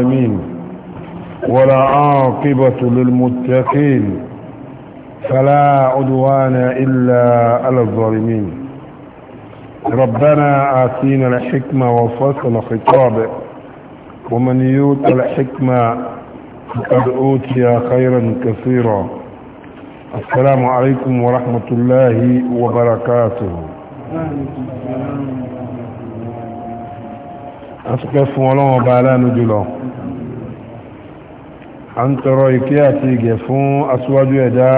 العالمين ولا عاقبة للمتقين فلا عدوان إلا على الظالمين ربنا آتينا الحكمة وفصل خطاب ومن يوت الحكمة فقد أوتي خيرا كثيرا السلام عليكم ورحمة الله وبركاته أسكف ولو بالا نجلو an tsoro ike àti ìgẹ̀ fún aṣíwájú ẹ̀dá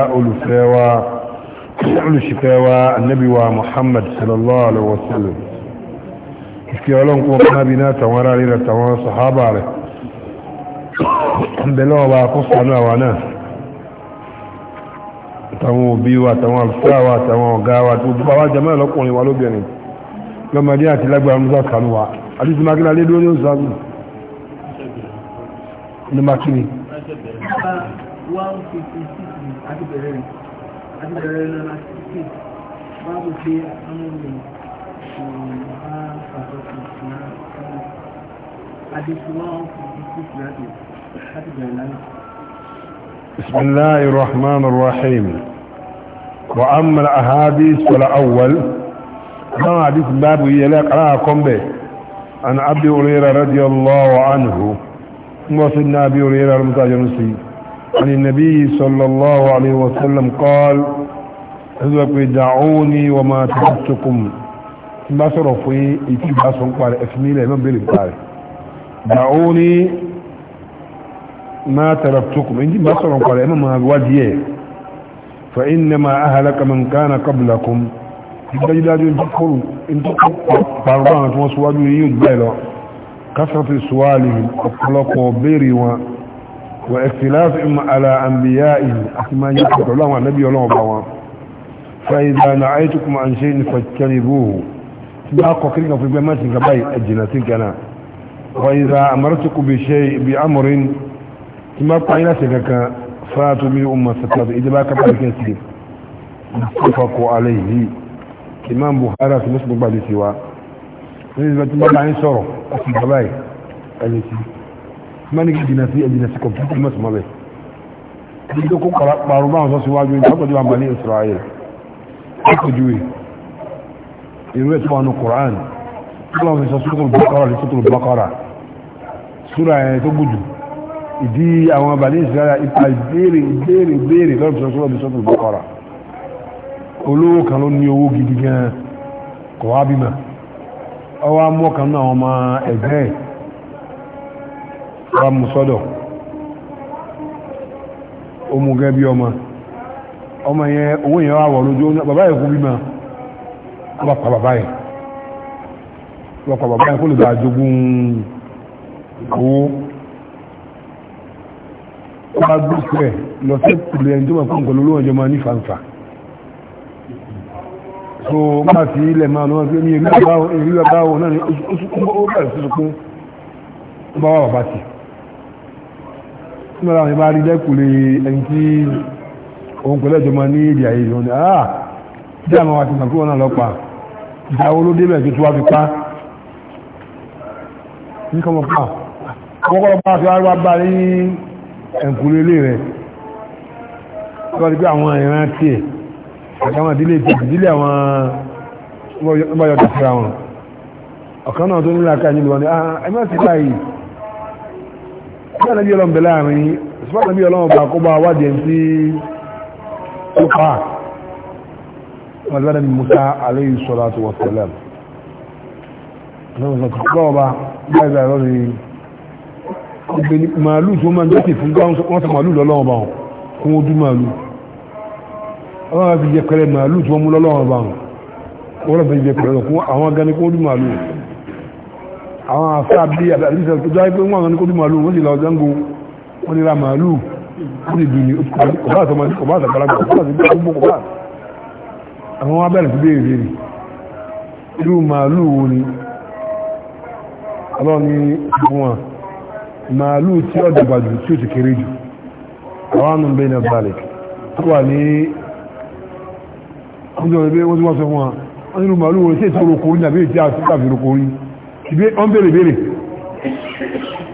olùṣìfẹ́wa annabiwa muhammad sallallahu alaihi wasallam iske olon kuma kanabi na tawon rari da tawon sahaba rẹ̀ belawa ba kó sanu àwa náà tawon obi wa tawon alfawa tawon ọ̀gá wa tó bá wá jama'a lọ́kùnrin wa lóbìnrin lọ́mọdé àti lágbàmúzà kanuwa adìsí lédúró ní oṣù ní makini بسم الله الرحمن الرحيم وأما الأحاديث فالأول ما حديث باب يلاك راكم به عن أبي هريرة رضي الله عنه وصلنا أبي هريرة المتاجر المسلم عن النبي صلى الله عليه وسلم قال أذوك دعوني وما تحدثكم ما صرفي يتبعصهم قال اسمي لي من بيلي قال دعوني ما تركتكم إنجي ما صرفهم قال إما ما أقواديه فإنما أهلك من كان قبلكم يجب أن تقول إن تقول بارضانة وصواجه يجب أن كثرة سوالهم أطلقوا بيري و... واختلافهم على أنبيائهم أكما يقول الله النبي الله بوا فإذا نعيتكم عن شيء فاجتنبوه تبقى كلمة في بما تنقبي أجنتك أنا وإذا أمرتكم بشيء بأمر تبقى إلاتك فاتوا من أمة ستات إذا بقى كبير كثير متفقوا عليه إمام بخاري في مسلم بعد سواه ní ìgbà tí bàbá yín sọ̀rọ̀ àti bàbá yìí ẹ̀yẹ sí mẹ́ni kí jìnnà sí ẹ̀jìnà sí kọ̀mpútà mọ̀ sọ̀mọ́ bẹ́ẹ̀ ní tó kó pàrọ̀ bá wọn sọ síwájú ní ọkọ̀ tí wọ́n bá ní Israel ọkọ̀júwe irú ẹ̀ tó wà ní Quran tó wọ́n fi sọ sọ́tò bọ́kọ́rà ní sọ́tò bọ́kọ́rà súra ẹ̀ tó gùdù ìdí àwọn bàní Israel ipa ìbéèrè ìbéèrè ìbéèrè lọ́rùn sọ sọ́tò sọ́tò bọ́kọ́rà olówó kan ló ní owó gidi gan kọ̀wá bímọ ọwá mọ́kàn náà ọmọ ẹ̀gbẹ́ ẹ̀ wà mú sọ́dọ̀ omugẹ́ bí ọmọ ọmọ yẹn owó yẹn wà wọ̀ lójú bàbá yẹn kú bí máa wọ́n pa bàbá yẹn wọ́n pa bàbá yẹn kó lè bá jogún owó wọ́n bá gbé sílẹ̀ lọ sí ìpìlẹ̀ ẹni tó máa kó nǹkan lólówó máa ní fàǹfà tó máa fi ilẹ̀ máa lọ́wọ́ pé ní èrí àbáwọ̀ èrí àbáwọ̀ náà ni ó bẹ̀rẹ̀ sí sọkún ó bá wà bàbá sí nígbà láwọn ìbá rí lẹ́kùnlé ẹni tí òun pẹ̀lú ẹ̀jọ́ máa ní èdè àyè ìrọ̀ ni ah bí àwọn àti ìgbàgbọ́ náà lọ́pàá ìjà wo ló débẹ̀ tó tó wá fi pa ní kọ́mọ pa ah! àkọ́kọ́ bá fi wá bá ní ẹ̀kùnlé ilé rẹ̀ lọ́dí pé àwọn ìran tiẹ̀ àkàwọn ìdílé ìtẹ̀kì ìdílé àwọn ọmọyọ tẹ̀síra wọn ọ̀kan náà tó ní láàká yìí lọ ní ah, ẹgbẹ́ ti báyìí ṣíwájú ọlọ́mọbẹ láàrin ṣíwájú ọlọ́mọbẹ àkọ́bọ̀ àwádìí ẹ̀ sí ó àwọn àfi jẹ pẹrẹ màálù tí wọ́n mú lọ́lọ́wọ́n bá wọn wọ́n lọ́fẹ́ jẹ pẹrẹ lọ́kún àwọn agani kó rí màálù àwọn afẹ́ àbí àbíṣẹ́ tó dáa pé wọ́n agani kó rí màálù wọ́n sì lọ jango wọ́n ni ra màálù wọ́n ni dùn ní ọba àtọmọdé ọba àtàgbàlagbà ọba àtàgbàlagbà ọba àwọn abẹ́rẹ̀ tó béèrè rẹ̀ irú màálù wo ni ọlọ́ni fún wọn màálù tí ó dàgbà jù tí ó ti kéré jù àwọn ànúbẹ́ ní ọgbàlẹ̀ tó wà ní ọmọdé ọ̀rẹ́ wọ́n tí wọ́n sọ fún wa wọ́n nínú màálù wọ́n sí ìtọ́ olóko orí ìtí àtúntà fi olóko ìbí ọ́n bèèrè bèèrè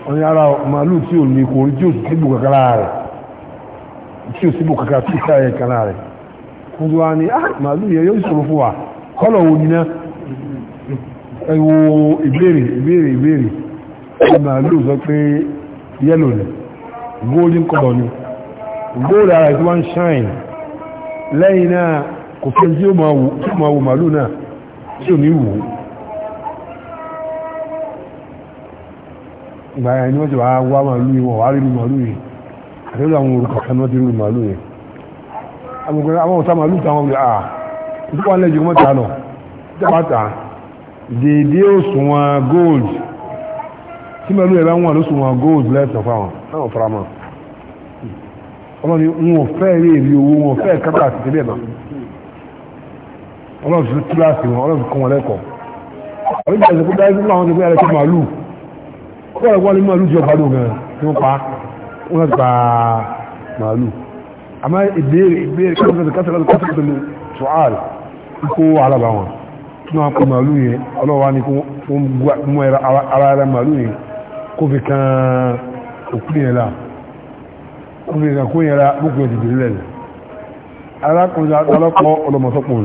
wọ́n ni ara màálù tí ò ní kò tí ò sí bù kàkàrà rẹ̀ tí ò sí bù tí ká yẹ rẹ̀ wọ́n tí wọ́n ni màálù yẹ yóò sọ̀rọ̀ fún wa kọ́lọ̀ wo nina ẹ wo ìbéèrè ìbéèrè màálù sọ pé yẹ́lò ni golden color ni gold ara ìtí wọ́n ń shine lẹ́yìn náà kò fẹ́ tí ó máa wò màálù náà tí ò ní wò ìgbà ni wọ́n ti wá wá màálù yìí wọ́n wá rí màálù yìí àtẹ́lú àwọn orúkọ náà ti rí màálù yìí àwọn ọ̀tá màálù táwọn wí àà ah, gold tí màálù yẹn bá ọlọ́ni wọn fẹ́ rí èrè owó wọn ò fẹ́ kábàtì tẹ́lẹ̀ náà ọlọ́run fi kíláàsì wọn ọlọ́run fi kọ́ wọn lẹ́kọ̀ọ́ ọdún ìgbà ìsìnkú dáhùn náà wọn ti pé ẹ̀rẹ́ kí màálù kọ́ ọ̀rọ̀ wọn ni màálù ti ọ̀pá lò gan tí wọ́n pa wọ́n ti pa màálù àmọ́ ìbéèrè ìbéèrè kí wọ́n ti kásẹ̀ lọ́dún kásẹ̀ lọ́dún ṣùhàl kó wàhálà bá wọn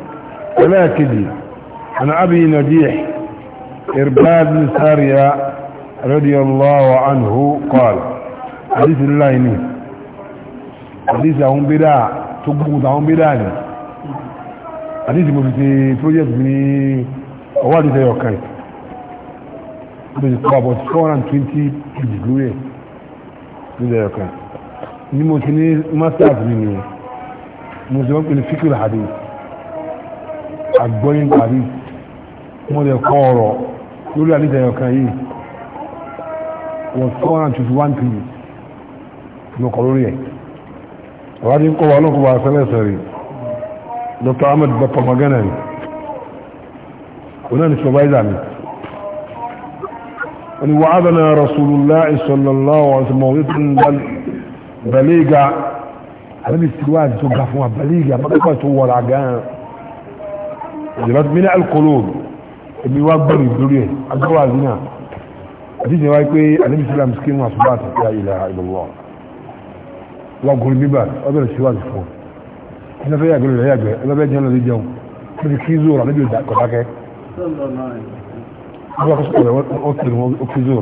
ولكن أنا أبي نجيح إرباد بن سارية رضي الله عنه قال حديث الله إني حديث أهم بدا تقبوط أهم بداني حديث مفتي بروجيت بني أولي تيوكاي بس قابوت 420 جلوية تيوكاي ni mo ti ní masters mi ni mo ti wọ́n pè ní fíkìlì àgbọ́yìn tàbí wọ́n lè kọ́ ọ̀rọ̀ lórí àdíjẹyàn kan yìí wọ́n tọ́ náà tuntun wá ń tìlú lọ́kọ̀ lórí ẹ̀ ọ̀rọ̀ ń kọ́ wa lọ́kọ̀ wa sẹ́lẹ̀sẹ̀ rẹ̀ Dr. Ahmed Bapa Magana ni onáà ni supervisor mi wani wa'adana rasulullah sallallahu alaihi wasallam mawutin baliga àbẹ́bí tí wàá tó ga fún wa baliga mọ́kànlá tó wọ̀ra gan-an ìjọba mi ní alukolo èmi wá gbọ́rù ìdórí ẹ̀ agbọ́wà zina àti ìjọba pé alẹ́bí sílámù sí kí wọ́n àtúbà àti ìyá ìlà ìlọ́wọ́ wọ́n gùn bíbà wọ́n bẹ̀rẹ̀ síwájú fún un ẹni fẹ́ yàgbẹ́ lọ yàgbẹ́ ẹni fẹ́ jẹun lọ lè jẹun ó ti kí zoro alẹ́bí kọ̀dákẹ́ wọ́n kọ́ sọ̀rọ̀ ó tẹ̀lé wọn ó kí zoro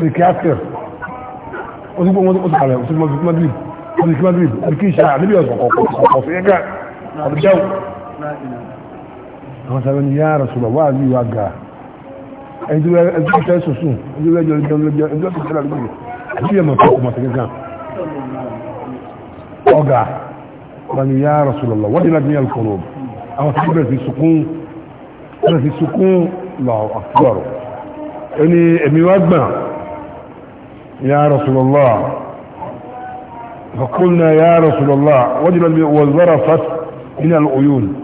ẹni kí áfẹ́ ó ti gbọ́ wọn ó ti ọ̀bùjẹ́wò àwọn sáré ní yára sọ̀rọ̀ wà ní ìwà gà ẹni tó fẹ́ sọ̀sùn ẹni tó fẹ́ jọ ẹjọ́ ẹjọ́ ẹjọ́ tó fẹ́ lọ́gbọ̀n àti ìyẹ̀mọ̀ tó kò mọ̀tẹ́kẹ́ gan ọgà wà ní yára sọ̀rọ̀ lọ wọ́n dínà ní alukoro àwọn tó bẹ̀rẹ̀ fi sukún فقلنا يا رسول الله وجل وزرفت من العيون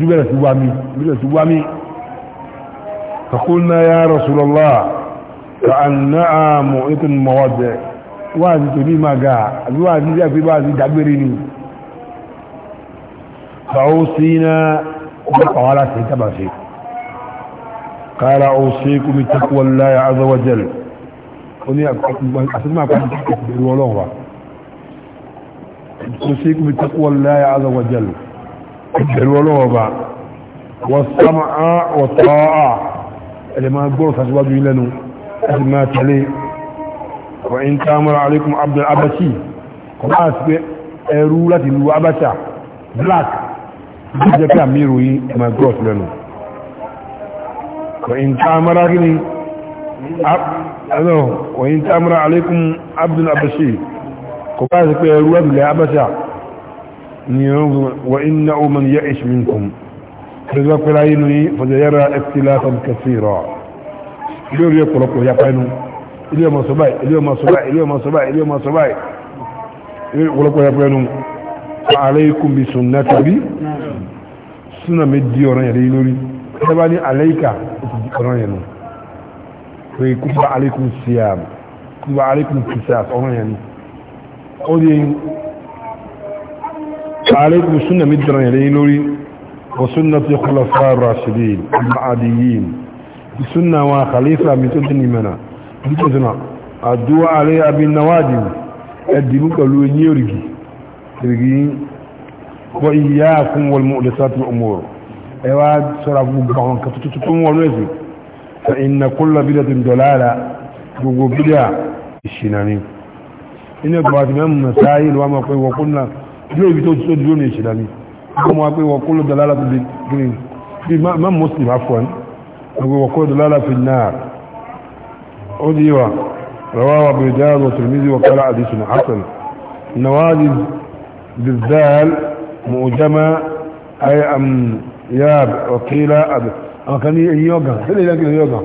جبلت وامي جبلت وامي فقلنا يا رسول الله كأنها مؤيت المواد وازي تبي ما قاع الوازي جاء في بازي تعبريني فأوصينا وقالت انتبه فيك قال أوصيكم بتقوى الله عز وجل وني أسمع كنت بالولوغة أوصيكم بتقوى الله عز وجل ẹ̀bẹ̀rù ọlọ́ọ̀bá wọ́n sáma á ọ̀tọ́ à ẹ̀lẹ̀ máa gbọ́rọ̀ sàṣíwájú ilẹ̀nu ẹ̀sì máa tẹ̀lé wọ́n in tamara alaikum abdul abashi kọ̀lá àti pé ẹrú láti lu abasha black bí jẹ́ pé وإنه من يعش منكم رزق العيني فسيرى اختلافا كثيرا اليوم يقرأ يا قانون اليوم صباي اليوم صباي اليوم صباي اليوم صباي يقرأ يا قانون فعليكم بسنتي سنة مدي ورانيا ليلوري تباني عليك ورانيا نو ويكتب عليكم الصيام كتب عليكم القصاص ورانيا نو فعليكم السنة مدرا يلينوري وسنة خلفاء الراشدين المعاديين السنة وخليفة من تدني منا بتدنا الدعاء عليها بالنوادم الدلوك اللوين يرقي يرقي وإياكم والمؤلسات الأمور ايواد سرع بقهم كفتتكم والنزل فإن كل بلة دلالة بقو بلة الشنانين إن يبقى مسائل وما قلنا ilé ibi tó tó dúró ní ìṣẹ̀dá ni wọ́n mọ́ pé wọ́n kó lọ́dọ̀ lálàfi green bí má muslim afọ́n wọ́n wọ́n kó lọ́dọ̀ lálàfi náà ó di wa rawawa bai jaya wa turmizi wa kala hadisun hasan nawazi bizzal mu'jama ay am yab wa qila ab an yoga sai da yoga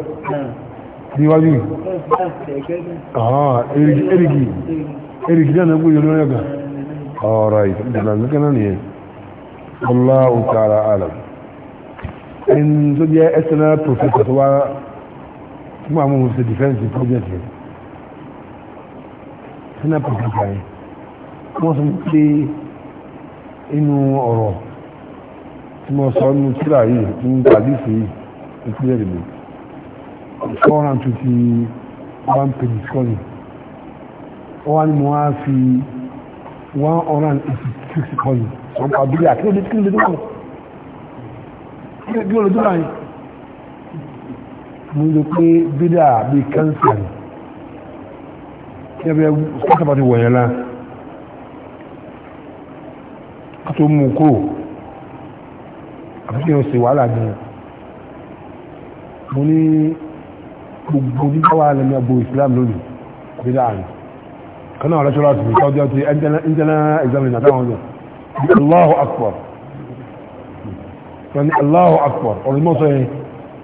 ni waju ah erigi erigi erigi na ku yoga all right ìdìbò nìkan náà nìyẹn Allahu ta'ala alam ẹni tó jẹ́ external professor tó wá tí mo àmọ́ ṣe defense project yẹn external professor yẹn wọ́n sọ pé inú ọ̀rọ̀ tí mo sọ nínú tíra yìí ní tàbísì yìí ìpínlẹ̀ ìlú four hundred and twenty one pages kọ́ni wọ́n á ní one hundred and eighty six coin wọn pa bílíà kí ló dé kí ló dé dúró kí ló dé dúró yìí mo lè pé bílíà bíi kẹ́ńsà ni kí ẹ bẹ sọ́kàbà ti wọ̀nyẹn náà ká tó mú un kúrò àbí kí n ṣe wàhálà gan mo ní gbogbo nígbà wà lẹ́nu àgbo ìsìlámù lónìí bílíà ni kan náà rẹ́ṣọ́lá ti sọ jẹ́ ti internal examiner táwọn ọjọ́ Allahu Akbar sani Allahu Akbar ọ̀rọ̀ mọ́ sọ yẹn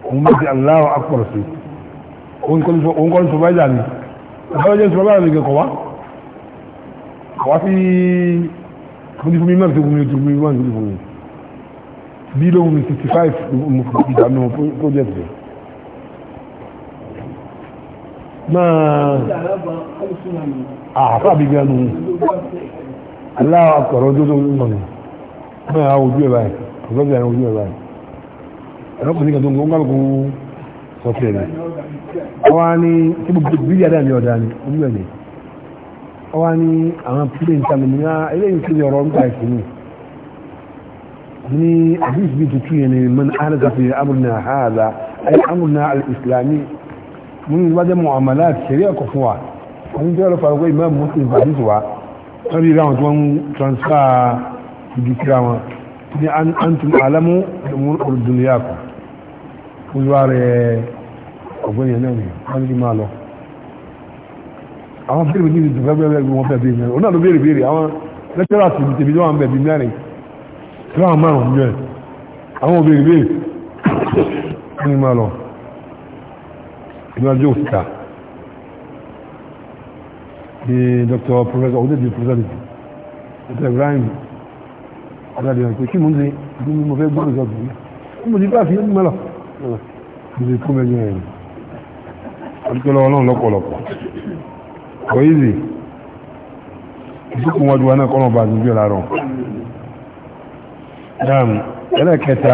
òun bá ti Allahu Akbar sí òun kọ́ ní supervisor ni ọ̀sán jẹ́ supervisor ni kẹ̀kọ́ wá wá sí fúnifúnmi mẹ́rin tó fúnmi tó fúnmi wá ní fúnmi bí lóhun 65 ìdàmú project rẹ̀ máa àfáàbí gánú aláwọ̀ akọ̀rọ̀ tó tó mọ̀ ní máa ojú ẹ̀ báyìí ọ̀gọ́gbẹ̀ àwọn ojú ẹ̀ báyìí ẹ̀rọ́pọ̀ nígbà tó ń gbọ́n kú sọ́kẹ̀ rẹ̀ ọwá ní tí gbogbo bíbí àdáyà ní ọ̀dá ni ojú ẹ̀ ní ọwá ní àwọn pílẹ̀ ìtàmì ní ah, eléyìí tó lè ọ̀rọ̀ ń gbà ẹ̀kọ́ ní ní tuntun yẹn ni mọ́n àrẹ́sàfihàn amúnà àhàdà ayé amúnà al-islami mú ní wájẹ́ mọ̀ àmàlà àti ṣẹ̀rí ẹ̀kọ́ fún wa wọ́n jẹ́ ọlọ́pàá ọgbẹ́ muslim hadith wa wọ́n rí ráwọn tó transfer ibi kíra wọn ní antum alamu olùdúnlẹ́yàkù olúwa rẹ̀ ọgbẹ́ yẹn náà ni wọ́n ní máa lọ àwọn fẹ́rẹ̀ méjì tó fẹ́ bẹ́ẹ̀ wọ́n fẹ́ bẹ́ẹ̀ mẹ́rin onáà ló béèrè béèrè àwọn lẹ́tẹ́rà sí ibi tèmi tó wà ń bẹ̀ bí mẹ́rin tí wọ́n máa rùn jẹ́ àwọn òbèrè béèrè wọ́n ní máa lọ ìgbàjọ́ òkúta bí dr professor odede professor dr ibrahim ọ̀dàdì ọ̀pẹ́ kí mo ń ṣe bí mo fẹ́ gbọ́n ìjọba ìgbà kí mo ti bá fi ẹni mẹ́lọ̀ mo ti kó mẹ́jọ rẹ̀ ọdúkọ́ lọ́wọ́ náà lọ́pọ̀lọpọ̀ kọ́ ìzì ìsìnkú wọn ju wa náà kọ́ lọ́ba àdúgbò láàárọ̀ ẹlẹ́kẹta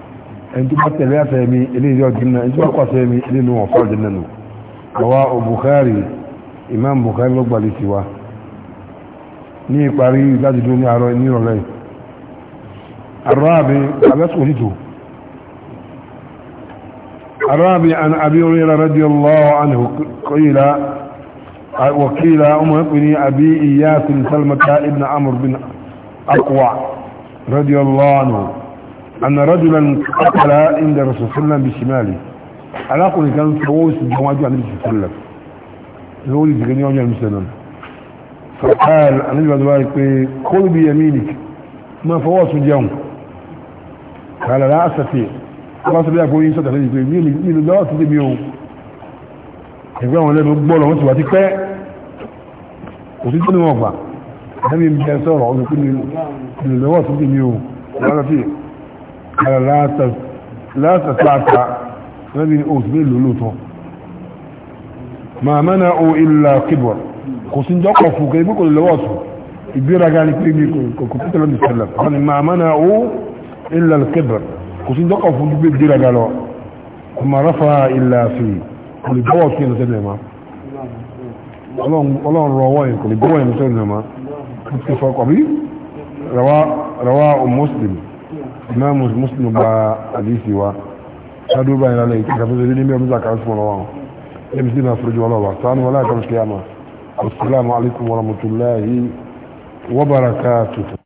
ان تبقى تبقى فهمي اليه جو الجنة ان تبقى فهمي اليه نوع فعل جنة رواء بخاري امام بخاري لقبة لسوا ني قاري ذات الدنيا عروي نير الله الرابع على سؤالته الرابع عن ابي هريره رضي الله عنه قيل وكيل أمه بن أبي إياس سلمة ابن عمرو بن أقوى رضي الله عنه أن رجلا قتل عند الرسول صلى الله عليه وسلم بشماله على قول كان فوز بجواج عن النبي صلى الله عليه وسلم يقول لي تغني وجه المسلم فقال النبي بعد ذلك خذ بيمينك ما فوز اليوم قال لا أستطيع خلاص بقى كل إنسان تخلي يقول مين مين لا أستطيع بيوم يقول أنا بقول ما تبغى تكفى وتجيني وقفة النبي بيسأله عن كل اللي هو أستطيع بيوم ولا فيه kàrà látàtàtà lẹ́bí ní oṣù mélòó lóòótọ́ màmá náà ó ilà kébọ̀ kò sí jọ́kọ̀ fún kẹ́ ibi kò lè lọ́wọ́ sùn ìgbéraga ni pé mi kò kò tẹ́lẹ̀ mi sẹ́lẹ̀ wọ́n ni màmá náà ó ilà kébọ̀ kò sí jọ́kọ̀ fún gbé ìgbéraga lọ kò máa rọ́fà fi kò lè bọ́wọ́ sí ẹnu sẹ́lẹ̀ ma ọlọ́run rọwọ́ yẹn kò lè bọ́wọ́ ẹnu sẹ́lẹ̀ ma kò sí fọkọ̀ bí rawa muslim imamu muslim ba hadisi wa ta duba yana lai ta kafin zai nemi musa kan suna wa ya misi na surji wala ba sanu wala kan kiyama assalamu alaikum wa rahmatullahi wa barakatuh